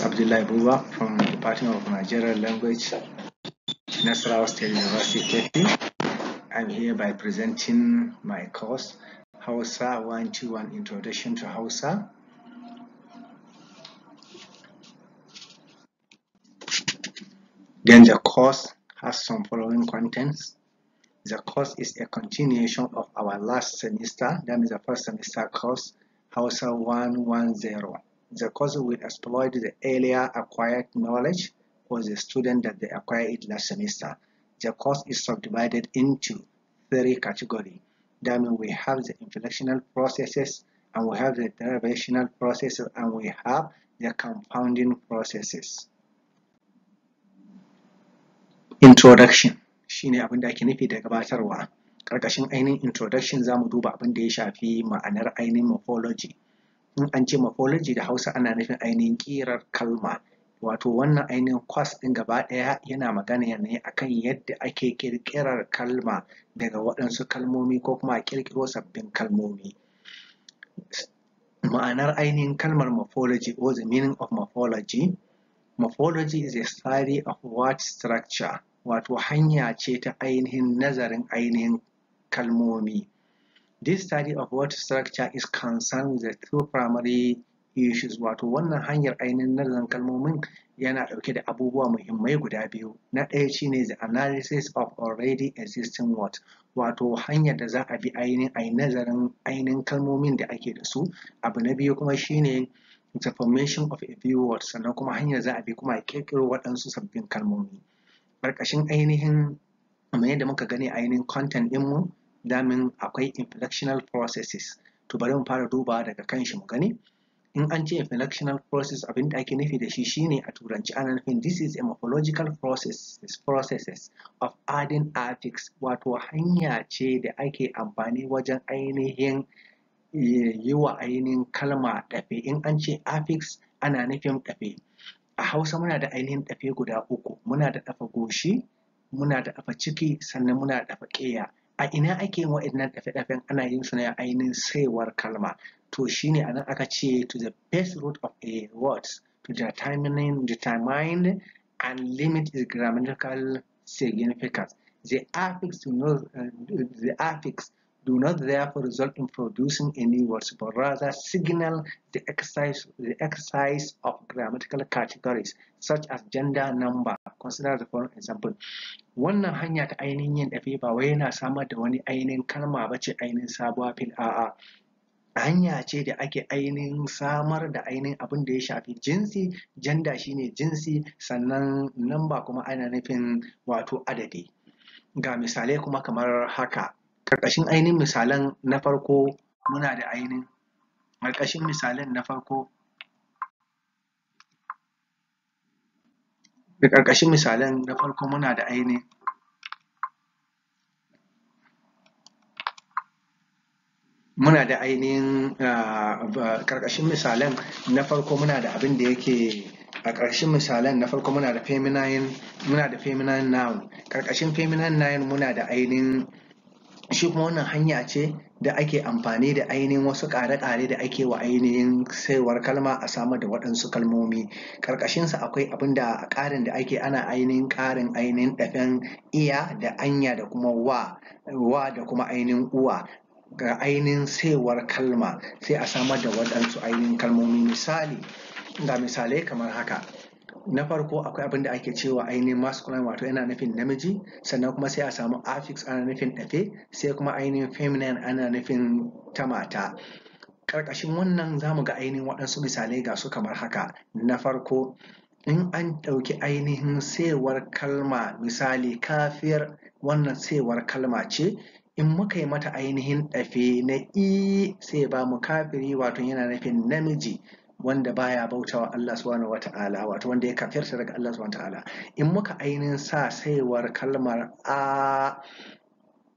Abdullah Buba from the Department of Nigerian Language, Nasarawa State University, Kefi. I'm here by presenting my course, Hausa 121 Introduction to Hausa. Then the course has some following contents. The course is a continuation of our last semester, that is the first semester course, Hausa 110. The course will exploit the earlier acquired knowledge for the student that they acquired it last semester. The course is subdivided into three categories. That means we have the inflectional processes, and we have the derivational processes, and we have the compounding processes. Introduction shine abin da ake nufi da gabatarwa. ainihin introduction zamu duba abin da ya shafi ma'anar ainihin morphology. in an ce morphology da hausa ana nufin ainihin ƙirar kalma wato wannan ainihin kwas ɗin gaba ɗaya yana magana ne akan yadda ake ƙirƙirar kalma daga waɗansu kalmomi ko kuma a ƙirƙiro sabbin kalmomi ma'anar ainihin kalmar morphology or the meaning of morphology morphology is a study of word structure wato hanya ce ta ainihin nazarin ainihin kalmomi This study of water structure is concerned with the two primary issues wato wannan hanyar ainihin nazarin kalmomin yana ɗauke da abubuwa muhimmai guda biyu na ɗaya shine the analysis of already existing words wato hanyar da za a bi ainihin a nazarin ainihin kalmomin da ake da su abu na biyu kuma shine the formation of a few words sannan kuma hanyar za a bi kuma a ƙirƙiro waɗansu sabbin kalmomi ƙarƙashin ainihin kamar yadda muka gani ainihin content ɗinmu damin akwai inflectional processes to bari mu fara duba daga kan shi mu gani in an ce inflectional process abin da ake nufi da shi shine a turanci ana nufin this is a morphological process processes of adding affix wato hanya ce da ake amfani wajen ainihin yi wa ainihin kalma ɗafe in an ce affix ana nufin ɗafe a hausa muna da ainihin ɗafe guda uku muna da ɗafa goshi muna da ɗafa ciki sannan muna da ɗafa ƙeya a ina ake yin waɗannan ana yin su ne a ainihin saiwar kalma to shine anan aka ce to the best root of a word to determine determine and limit its grammatical significance the affix to know uh, the affix do not therefore result in producing any words, but rather signal the exercise, the exercise of grammatical categories such as gender, number. Consider the following example. Wannan hanya ta ainihin yin ɗafe ba wai yana samar da wani ainihin kalma ba ce ainihin sabuwa fil a'a. hanya ce da ake ainihin samar da ainihin abin da ya shafi jinsi janda ne jinsi sannan namba kuma ana nufin wato adadi ga misalai kuma kamar haka ƙarƙashin ainihin misalan na farko muna da ainihin ƙarƙashin misalan na farko da ƙarƙashin misalan na farko muna da ainihin muna da ainihin ƙarƙashin ah, misalan na farko muna da abin da yake a ƙarshen misalan na farko muna da feminine muna da feminine noun ƙarƙashin feminine noun muna da ainihin shi kuma wannan hanya ce da ake amfani da ainihin wasu ƙare-ƙare da ake wa ainihin saiwar kalma a samar da waɗansu kalmomi ƙarƙashinsa akwai abin da ƙarin da ake ana ainihin ƙarin ainihin ɗafen iya da anya da kuma wa wa da kuma ainihin uwa ga ainihin saiwar kalma sai a samar da waɗansu ainihin kalmomi misali ga misalai kamar haka na farko akwai abin da ake cewa ainihin masculine wato yana nufin namiji sannan kuma sai a samu affix ana nufin ɗafe sai kuma ainihin feminine ana nufin ta mata ƙarƙashin wannan za mu ga ainihin waɗansu misalai ga su kamar haka na farko in an ɗauki ainihin saiwar kalma misali kafiyar wannan saiwar kalma ce in muka yi mata ainihin ɗafe na i sai ba mu kafiri wato yana nufin namiji wanda baya wa Allah subhanahu wata'ala wato wanda ya kafirta daga Allah subhanahu wata'ala in muka ainihin sa saiwar kalmar a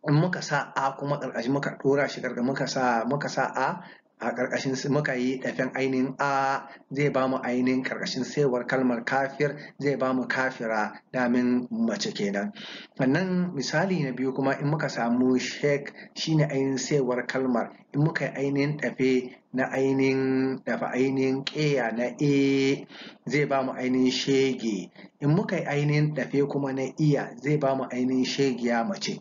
in muka sa a kuma karkashi muka dora shi karkashin muka sa muka sa a a ƙarƙashin muka yi ɗafen ainihin a zai ba mu ainihin ƙarƙashin saiwar kalmar kafir zai ba mu kafira damin mace kenan wannan misali na biyu kuma in muka samu shek shine ainihin saiwar kalmar in muka yi ainihin ɗafe na ainihin dafa ainihin ƙeya na e zai ba mu ainihin shege in muka yi ainihin dafe kuma na iya zai ba mu ainihin shegiya mace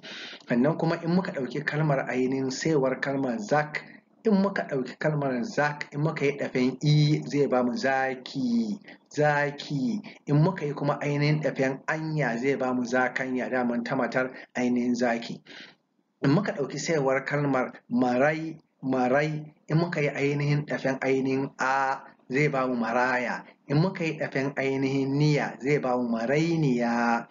sannan kuma in muka ɗauki kalmar ainihin saiwar kalmar zak in muka ɗauki kalmar zak in muka yi ɗafen i e, zai ba mu zaki zaki in muka yi kuma ainihin ɗafen anya zai ba mu zakanya daman ta matar ainihin zaki in muka ɗauki saiwar kalmar marai marai in muka yi ainihin ɗafen ainihin a zai ba mu maraya in muka yi ɗafen ainihin niya zai ba mu marainiya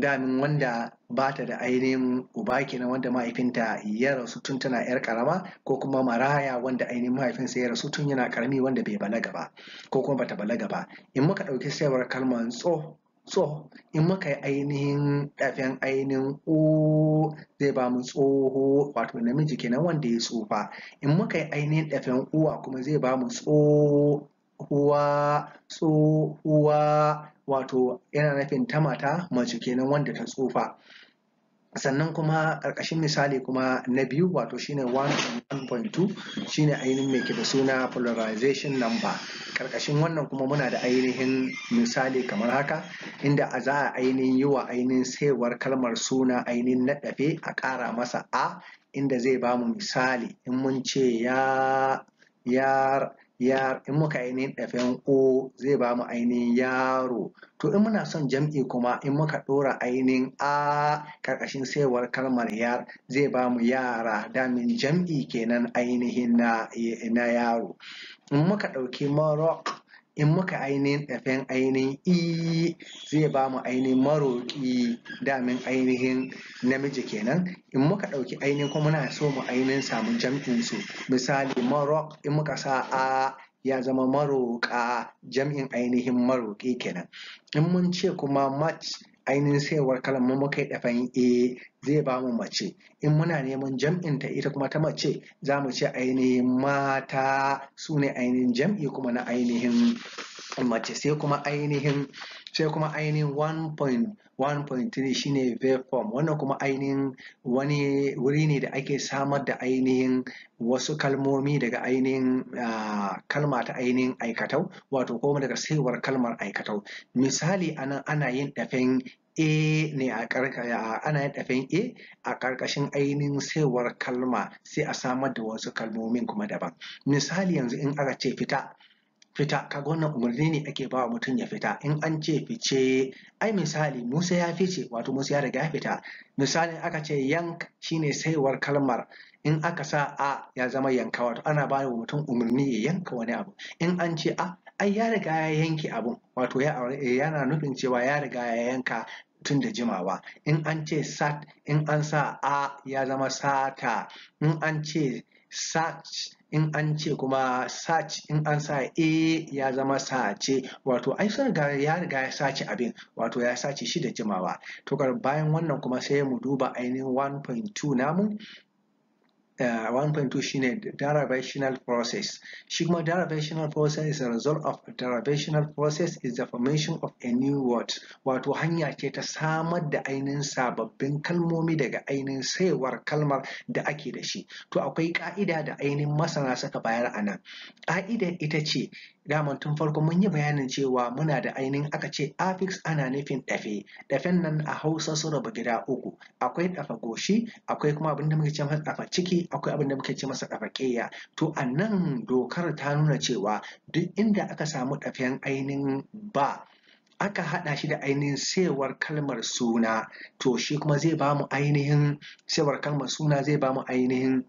damin wanda ba ta da ainihin uba kenan wanda mahaifinta ya rasu tun tana yar karama ko kuma maraya wanda ainihin mahaifinsa ya rasu tun yana karami wanda bai balaga ba ko kuma bata balaga ba in muka ɗauki sayarwar kalman tso in muka yi ainihin ɗafen ainihin o zai ba mu tsoho wato namiji kenan wanda ya tsufa in muka yi ainihin ɗafen uwa kuma zai ba mu tsohuwa wato yana nufin ta mata mace kenan wanda ta tsufa sannan kuma ƙarƙashin misali kuma na biyu wato shine 1.2 shine ainihin mai ke da suna polarization number ƙarƙashin wannan kuma muna da ainihin misali kamar haka inda a za a ainihin yi wa ainihin saiwar kalmar suna ainihin naɗafe a ƙara masa a inda zai bamu misali in mun ce ya Yar in muka ainihin ɗafen o zai ba mu ainihin yaro to in muna son jam'i kuma in muka ɗora ainihin a ƙarƙashin saiwar kalmar yar zai ba mu yara damin jam'i kenan ainihin na, yaro in muka ɗauki marok in muka ainihin ɗafen ainihin i zai ba mu ainihin maroƙi damin ainihin namiji kenan in muka ɗauki ainihin kuma muna so mu ainihin samu jam'in su misali marok in muka sa a ya zama maroƙa jam'in ainihin maroƙi kenan in mun ce kuma mat ainihin sayarwar kalan muka yi dafayin e eh, zai ba mu mace in muna neman jam'in ta ita kuma ta mace za mu ce ainihin mata su ne ainihin jam'i kuma na ainihin mace sai kuma ainihin sai kuma 1.3 shine vapor wannan kuma ainihin wani wuri ne da ake samar da ainihin wasu kalmomi daga ainihin ah, kalma ta ainihin aikatau wato kuma daga saiwar kalmar aikatau misali anan ana yin dafen A ne a ah, ana yin ɗafen A a karkashin ainihin saiwar kalma sai a samar da wasu kalmomin kuma daban. Misali yanzu in aka ce fita fita kaga wannan umarni ne ake bawa mutum ya fita in an ce fice ai misali Musa ya fice wato Musa ya riga ya fita misali aka ce yank shine saiwar kalmar in aka sa a ya zama yanka wato ana ba wa mutum umarni ya yanka wani abu in an ce a ai ya riga ya yanke abu wato eh, yana nufin cewa ya riga ya yanka tun da jimawa in an ce sat in an sa a ya zama sata in an ce sat in an ce kuma search in an sa a ya zama sace wato ai sun ya riga ya sace abin wato ya sace shi da jimawa to bayan wannan kuma sai mu duba ainihin 1.2 namu 1.2 uh, shine derivational process shi kuma derivational process is a result of a derivational process is the formation of a new word wato hanya ce ta samar da ainihin sababbin kalmomi daga ainihin saiwar kalmar da ake da shi to akwai ka'ida da ainihin masana suka bayar a nan ka'idar ita ce daman tun farko mun yi bayanin cewa muna da ainihin aka ce afix ana nufin dafe, ɗafen nan a hausa sun raba gida uku akwai dafa goshi akwai kuma abin da muke ce masa dafa ciki akwai abin da muke ce masa dafa keya to a nan dokar ta nuna cewa duk inda aka samu ɗafen ainihin ba aka haɗa shi da ainihin sewar kalmar suna to shi kuma zai bamu ainihin sewar kalmar suna zai bamu ainihin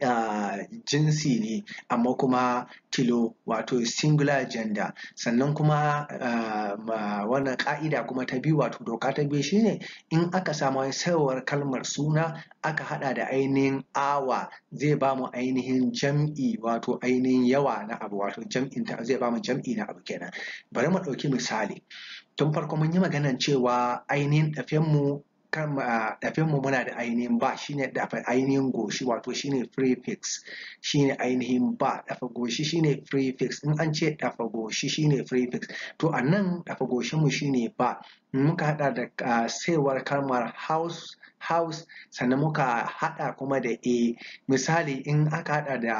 uh, jinsi ne amma kuma tilo wato singular gender sannan kuma uh, wannan ka'ida kuma ta biyu wato doka ta biyu shine in aka samu sayarwar kalmar suna aka hada da ainihin awa zai ba mu ainihin jam'i wato ainihin yawa na abu wato jam'in ta zai ba mu jam'i na abu kenan bari mu ɗauki misali tun farko mun yi maganan cewa ainihin mu. kan dafin mu muna da ainihin ba shine dafa ainihin goshi wato shine prefix shine ainihin ba dafa goshi shine prefix in an ce dafa goshi shine prefix to a nan dafa goshin mu shine ba muka hada da saiwar kalmar house house sannan muka hada kuma da a misali in aka hada da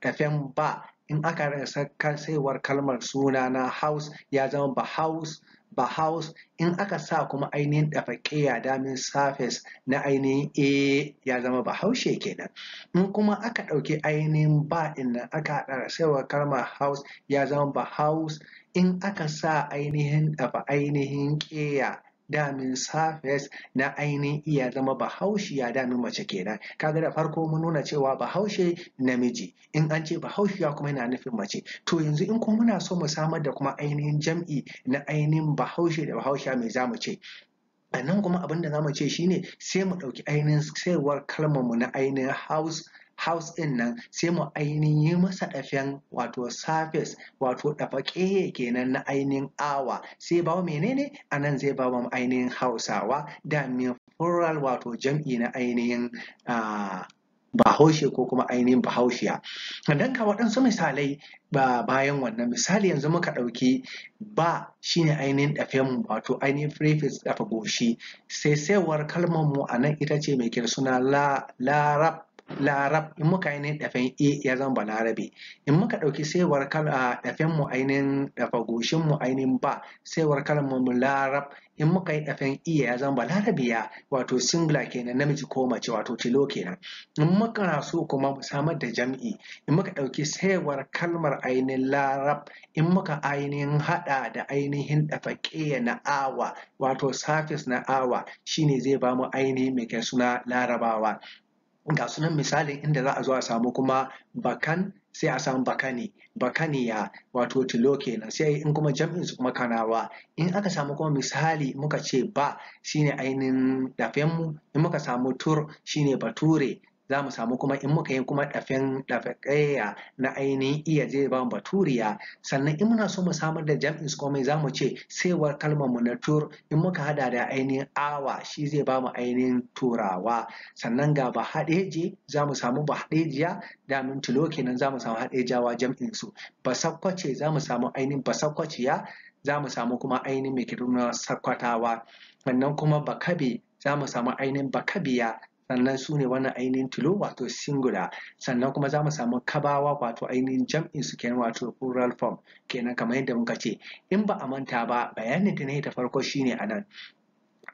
dafin ba in aka rasa saiwar kalmar suna na house ya zama ba house Bahaus in aka sa kuma ainihin ɗafaƙiya damin surface na ainihin A eh, ya zama Bahaushe kenan. In kuma aka ɗauki ainihin ba inda nan aka haɗa saiwa kalmar haus ya zama Bahaus in aka sa ainihin ɗafa ainihin ƙeya damin safes na ainihin iya zama bahaushiya damin mace kenan kaga da farko mun nuna cewa bahaushe namiji in an ce bahaushiya kuma yana nufin mace to yanzu in kuma muna so mu samar da kuma ainihin jam'i na ainihin bahaushe da bahaushiya mai zamu ce a nan kuma abin da zamu ce shine sai mu ɗauki ainihin sayarwar kalmar mu na ainihin house house ɗin nan sai mu ainihin yi masa ɗafen wato surface wato dafa kenan na ainihin awa sai ba menene a nan zai ba mu ainihin hausawa da min plural wato jam'i na ainihin bahaushe ko kuma ainihin bahaushiya don ka waɗansu misalai ba bayan wannan misali yanzu muka ɗauki ba shine ainihin ɗafen wato ainihin prefix ɗafa goshi sai saiwar kalmar mu a nan ita ce mai kira suna larab larab in muka ainihin dafen e ya zamba larabe in muka ɗauki saiwar dafen mu ainihin dafa goshin mu ainihin ba saiwar kalmar mu larab in muka yi dafen E ya larabe ya wato singular kenan namiji ko mace wato tilo kenan in muka na so kuma mu samar da jam'i in muka ɗauki saiwar kalmar ainihin larab in muka ainihin haɗa da ainihin dafa ƙeya na awa wato surface na awa shine zai bamu ainihin mai suna larabawa ga sunan misalin inda za a zo a samu kuma bakan sai a samu bakani, bakaniya wato tilo kenan sai in kuma jam'in su kuma kanawa in aka samu kuma misali muka ce ba shine ainihin mu, in muka samu tur shine bature za mu samu kuma in muka yi kuma ɗafin ɗafaƙaya na ainihin iya zai ba baturiya sannan in muna so mu samar da jam'in komai za mu ce saiwar kalmar mu na tur in muka hada da ainihin awa shi zai ba mu ainihin turawa sannan ga ba haɗeje za mu samu ba haɗejiya da min kenan za mu samu haɗejawa jam'in su basakwace za mu samu ainihin ba basakwaciya za mu samu kuma ainihin mai kiruna sakwatawa sannan kuma bakabe za mu samu ainihin bakabiya sannan su ne wannan ainihin tilo wato singular sannan kuma za mu samu kabawa wato ainihin jam'in su kenan wato plural form kenan kamar yadda muka ce in ba a manta ba bayanin da na yi ta farko shine a nan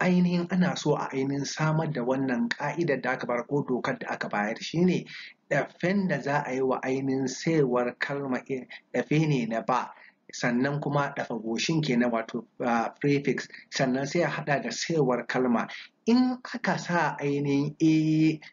ainihin ana so a ainihin samar da wannan ka'idar da aka bar ko dokar da aka bayar shine ɗafen da za a yi wa ainihin sayarwar kalma ɗafe ne na ba sannan kuma ɗafa goshin kenan wato ah, prefix sannan sai a haɗa da sayarwar kalma in aka sa ainihin e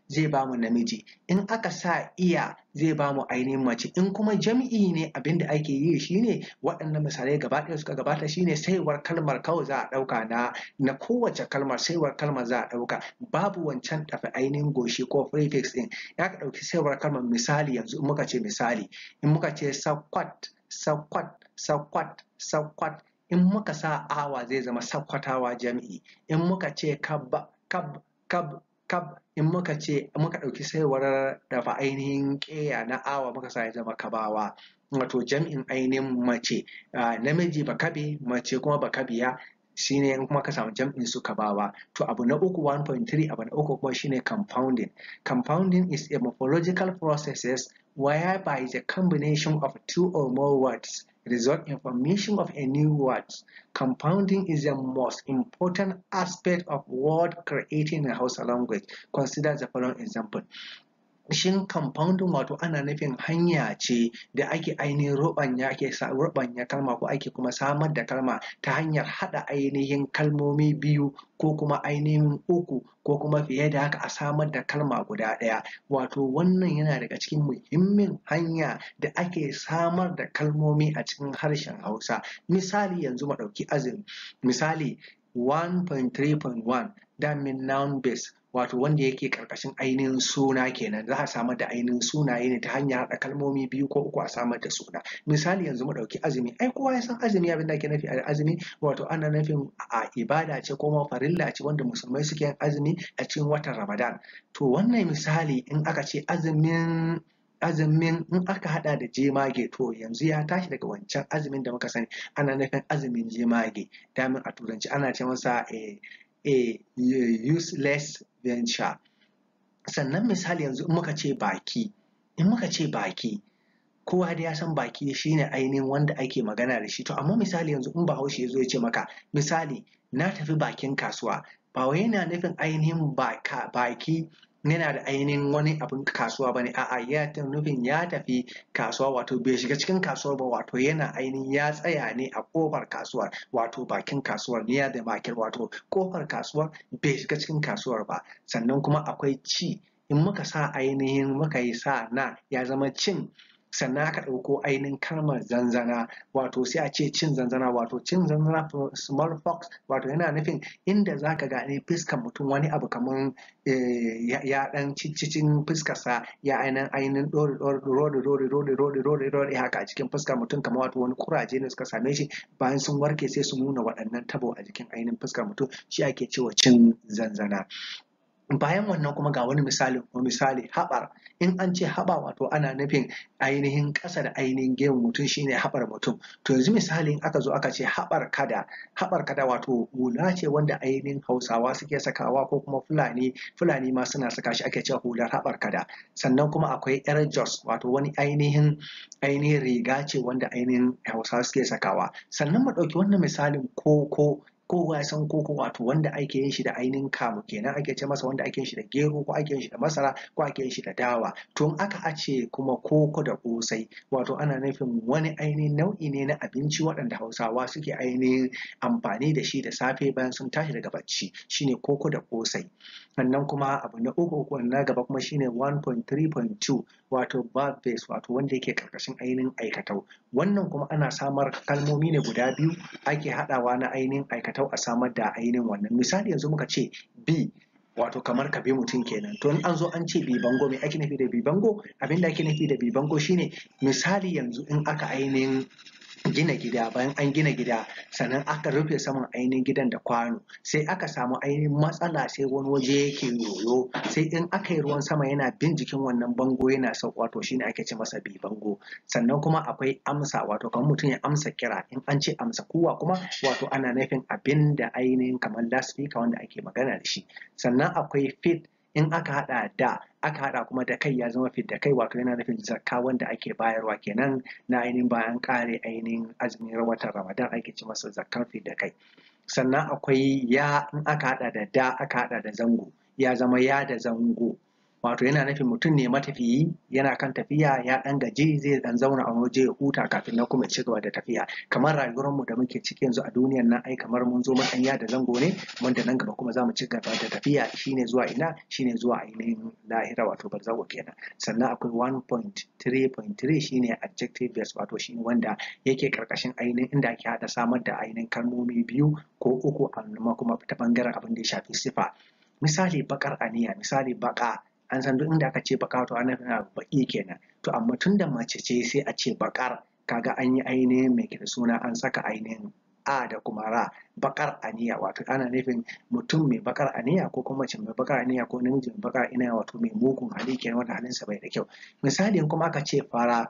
zai ba mu namiji in aka sa iya zai ba mu ainihin mace in kuma jam'i ne abinda ake yi shine waɗannan misalai gaba suka gabata shine saiwar kalmar kawai za a ɗauka na na kowace kalmar saiwar kalmar za a ɗauka babu wancan tafi ainihin goshi ko prefix ɗin ya ka ɗauki saiwar kalmar misali yanzu in muka ce misali in muka ce sakwat sakwat sakwat sakwat in muka sa awa zai zama sakkwatawa jam'i in muka ce kab, kab kab kab in muka ce muka ɗauki saiwar dafa ainihin ƙeya na awa muka sa ya zama kabawa wato jam'in ainihin mace namiji ba bakabe mace kuma ba bakabiya shine in kuma ka samu jam'in su kabawa to abu na uku 1.3 abu na uku kuma shine compounding compounding is a morphological process whereby the combination of two or more words result in formation of a new words. Compounding is the most important aspect of word creating in Hausa language. Consider the following example. shin compounding wato ana nufin hanya ce da ake ainihin ruɓanya ake ruɓanya kalma ko ake kuma samar da kalma ta hanyar haɗa ainihin kalmomi biyu ko kuma ainihin uku ko kuma fiye da haka a samar da kalma guda ɗaya wato wannan yana daga cikin muhimmin hanya da ake samar da kalmomi a cikin harshen hausa misali yanzu mu ɗauki azumi misali 1.3.1 that mean noun base wato wanda yake karkashin ainihin suna kenan za a samar da ainihin sunaye ne ta hanyar haɗa kalmomi biyu ko uku a samar da suna misali yanzu mu ɗauki azumi ai kowa ya san azumi abin da ake nufi a azumi wato ana nufin a ibada ce ko farilla ce wanda musulmai suke yin azumi a cikin watan ramadan to wannan misali in aka ce azumin azumin in aka haɗa da jemage to yanzu ya tashi daga wancan azumin da muka sani ana nufin azumin jemage damin a turanci ana ce masa a eh, eh, useless venture sannan misali yanzu in muka ce baki in muka ce baki kowa da ya san baki shine ainihin wanda ake magana da shi to amma misali yanzu in bahaushe ya zo ya ce maka misali na tafi bakin kasuwa ba wai yana nufin ainihin baki yana da ainihin wani abin kasuwa ba ne a'a ya nufin ya tafi kasuwa wato bai shiga cikin kasuwar ba wato yana ainihin ya tsaya ne a kofar kasuwar wato bakin kasuwar niya da makil wato kofar kasuwar bai shiga cikin kasuwar ba sannan kuma akwai ci in muka sa ainihin muka yi sa na ya zama cin sannan aka ɗauko ainihin kalmar zanzana wato sai a ce cin zanzana wato cin zanzana fox wato yana nufin inda za ka gane fuskar mutum wani abu kamar eh, ya ɗan cicicin fuskarsa ya ainihin ainihin ɗori ɗori ɗori ɗori ɗori ɗori ɗori haka a cikin fuskar mutum kamar wato wani kuraje ne suka same shi bayan sun warke sai su nuna waɗannan tabo a jikin ainihin fuskar mutum shi ake cewa cin zanzana bayan wannan kuma ga wani misali misali haɓar in an ce haɓa wato ana nufin ainihin ƙasa da ainihin gemu mutum shine haɓar mutum to yanzu misali in aka zo aka ce haɓar kada haɓar kada wato hula ce wanda ainihin hausawa suke sakawa ko kuma fulani fulani ma suna saka shi ake cewa hular haɓar kada sannan kuma akwai yar jos wato wani ainihin ainihin riga ce wanda ainihin hausawa suke sakawa sannan mu ɗauki wannan misalin koko kowa ya san koko wato wanda ake yin shi da ainihin kamu kenan ake ce masa wanda ake yin shi da gero ko ake yin shi da masara ko ake yin shi da dawa to in aka ace kuma koko da kosai wato ana nufin wani ainihin nau'i ne na abinci waɗanda hausawa suke ainihin amfani da shi da safe bayan sun tashi daga bacci shine koko da kosai sannan kuma abu na uku na gaba kuma shine 1.3.2 wato verb face wato wanda yake karkashin ainihin aikatau wannan kuma ana samar kalmomi ne guda biyu ake haɗawa na ainihin aikatau a samar da ainihin wannan misali yanzu muka ce bi wato kamar ka bi mutum kenan to in an zo an ce bango me ake nufi da bi bango abinda ake nufi da bango shine misali yanzu in aka ainihin gina gida bayan an gina gida sannan aka rufe saman ainihin gidan da kwano sai aka samu ainihin matsala sai wani waje yake yoyo sai in aka yi ruwan sama yana bin jikin wannan bango yana sauka to shine ake ce masa bi bango sannan kuma akwai amsa wato kamar mutum ya amsa kira in an ce amsa kuwa kuma wato ana nufin abin da ainihin kamar lasfika wanda ake magana da shi sannan akwai fit in aka haɗa da aka haɗa kuma da kai ya zama fidda kai wato yana nufin zakka wanda ake bayarwa kenan na ainihin bayan ƙare ainihin azumin watan ramadan ake ci masa zakkan fidda kai sannan akwai ya in aka haɗa da da aka haɗa da zango ya zama ya da zango wato yana nufin mutum ne matafiyi yana kan tafiya ya ɗan gaji zai dan zauna a waje ya huta kafin na kuma ci gaba da tafiya kamar rayuwar mu da muke ciki yanzu a duniyar nan ai kamar mun zo matsanya da zango ne mun da nan gaba kuma zamu ci gaba da tafiya shine zuwa ina shine zuwa ainihin lahira wato barzawa kenan sannan akwai 1.3.3 shine adjective verbs wato shine wanda yake karkashin ainihin inda ake hada samar da ainihin kalmomi biyu ko uku a kuma ta bangaren abin da ya shafi sifa misali bakar aniya misali baka an san duk inda aka ce baka to ana nufin baki kenan to amma tun da mace ce sai a ce bakar kaga an yi ainihin mai kira suna an saka ainihin a da kuma ra bakar aniya wato ana nufin mutum mai bakar aniya ko kuma mace mai bakar aniya ko namiji mai bakar aniya wato mai mugun hali kenan wanda sa bai da kyau misali kuma aka ce fara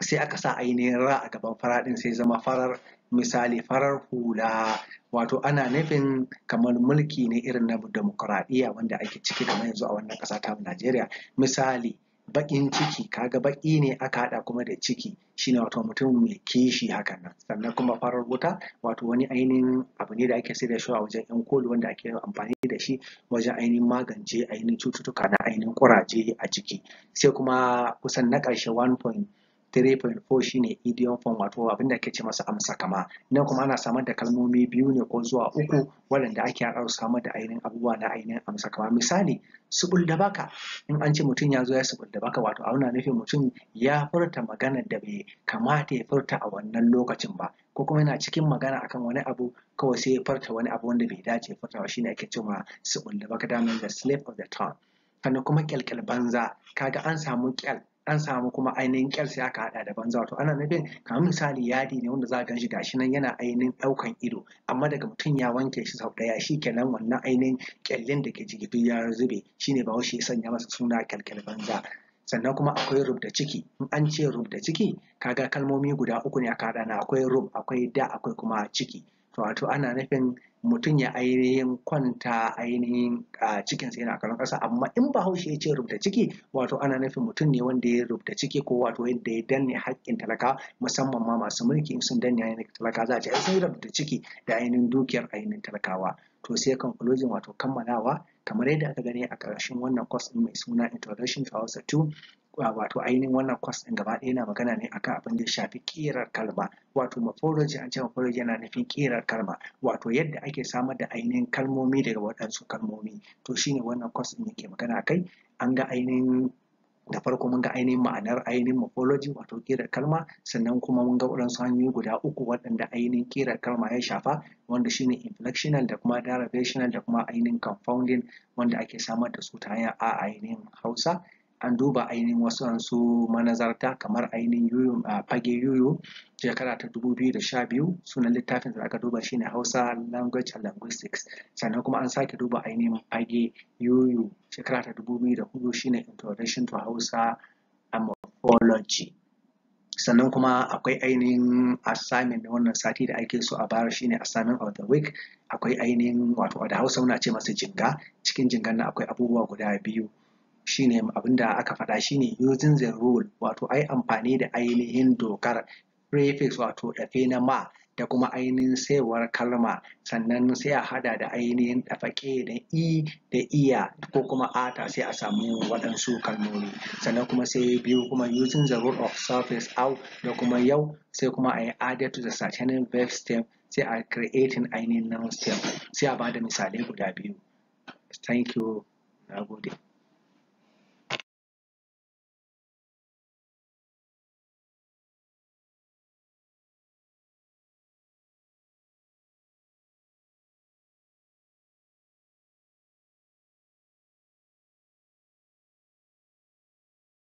sai aka sa ainihin ra a gaban fara din sai zama farar misali farar hula wato ana nufin kamar mulki ne irin na demokuraɗiyya wanda ake ciki kamar yanzu a wannan ƙasa ta Najeriya misali baƙin ciki kaga baƙi ne aka haɗa kuma da ciki shine wato mutum mai kishi hakan nan sannan kuma farar wuta wato wani ainihin abu ne da ake sai da shi a wajen yan kolu, wanda ake amfani da shi wajen ainihin magance ainihin cututtuka na ainihin kuraje a ciki, sai kuma kusan na ƙarshe 1. 3.4 shine idiom form wato abin da ake ce masa amsa kama nan kuma ana samar da kalmomi biyu ne ko zuwa uku waɗanda ake haɗa samar da ainihin abubuwa na ainihin amsa kama misali subul da baka in an ce mutum ya zo ya subul da baka wato auna nufin mutum ya furta magana da bai kamata ya furta a wannan lokacin ba ko kuma yana cikin magana akan wani abu kawai sai ya furta wani abu wanda bai dace ya furta ba shine ake ma subul da baka da the slip of the tongue sannan kuma kyalkyal banza kaga an samu kyal an samu kuma ainihin kyar sai aka hada da banza wato ana nufin kamar misali yadi ne wanda za a ganshi gashi nan yana ainihin ɗaukan ido amma daga mutum ya wanke shi sau daya shi kenan wannan ainihin kyallin da ke jiki duk ya zube shine ba shi sanya masa suna kyalkyal banza sannan kuma akwai rub da ciki in an ce rub da ciki kaga kalmomi guda uku ne aka haɗa na akwai rub akwai da akwai kuma ciki wato ana nufin mutum ya ainihin kwanta ainihin a cikinsa yana kallon ƙasa amma in bahaushe ya ce rubda ciki wato ana nufin mutum ne wanda ya rubda ciki ko wato yadda ya danne haƙƙin talaka musamman ma masu mulki in sun danne ainihin talaka za a ce sun rubda ciki da ainihin dukiyar ainihin talakawa to sai conclusion wato kammalawa kamar yadda aka gani a ƙarshen wannan course mai suna introduction to Hausa 2 wato ainihin wannan kwas ɗin gaba ɗaya yana magana ne akan abin da ya shafi ƙirar kalma wato morphology an ce morphology yana nufin ƙirar kalma wato yadda ake samar da ainihin kalmomi daga waɗansu kalmomi to shine wannan kwas ɗin yake magana kai an ga ainihin da farko mun ga ainihin ma'anar ainihin morphology wato ƙirar kalma sannan kuma mun ga waɗansu hanyoyi guda uku waɗanda ainihin ƙirar kalma ya shafa wanda shine inflectional da kuma derivational da kuma ainihin confounding wanda ake samar da su ta hanyar a ainihin hausa an duba ainihin wasu manazarta kamar ainihin yuyu a fage yuyu shekara ta 2012 sunan littafin da aka duba shine hausa language and linguistics sannan kuma an sake duba ainihin fage yuyu shekara ta 2004 shine introduction to hausa morphology sannan kuma akwai ainihin assignment na wannan sati da ake so a bayar shine assignment of the week akwai ainihin wato da hausa muna ce masa jinga cikin jingan nan akwai abubuwa guda biyu shine abinda aka faɗa shine using the rule wato ai amfani da ainihin dokar prefix wato ɗafe na ma da kuma ainihin saiwar kalma sannan sai a hada da ainihin ɗafake da i da iya ko kuma ata sai a samu waɗansu kalmomi sannan kuma sai biyu kuma using the rule of surface out da kuma yau sai kuma a yi added to the certain verb stem sai a creating ainihin noun stem sai a bada misalai guda biyu thank you na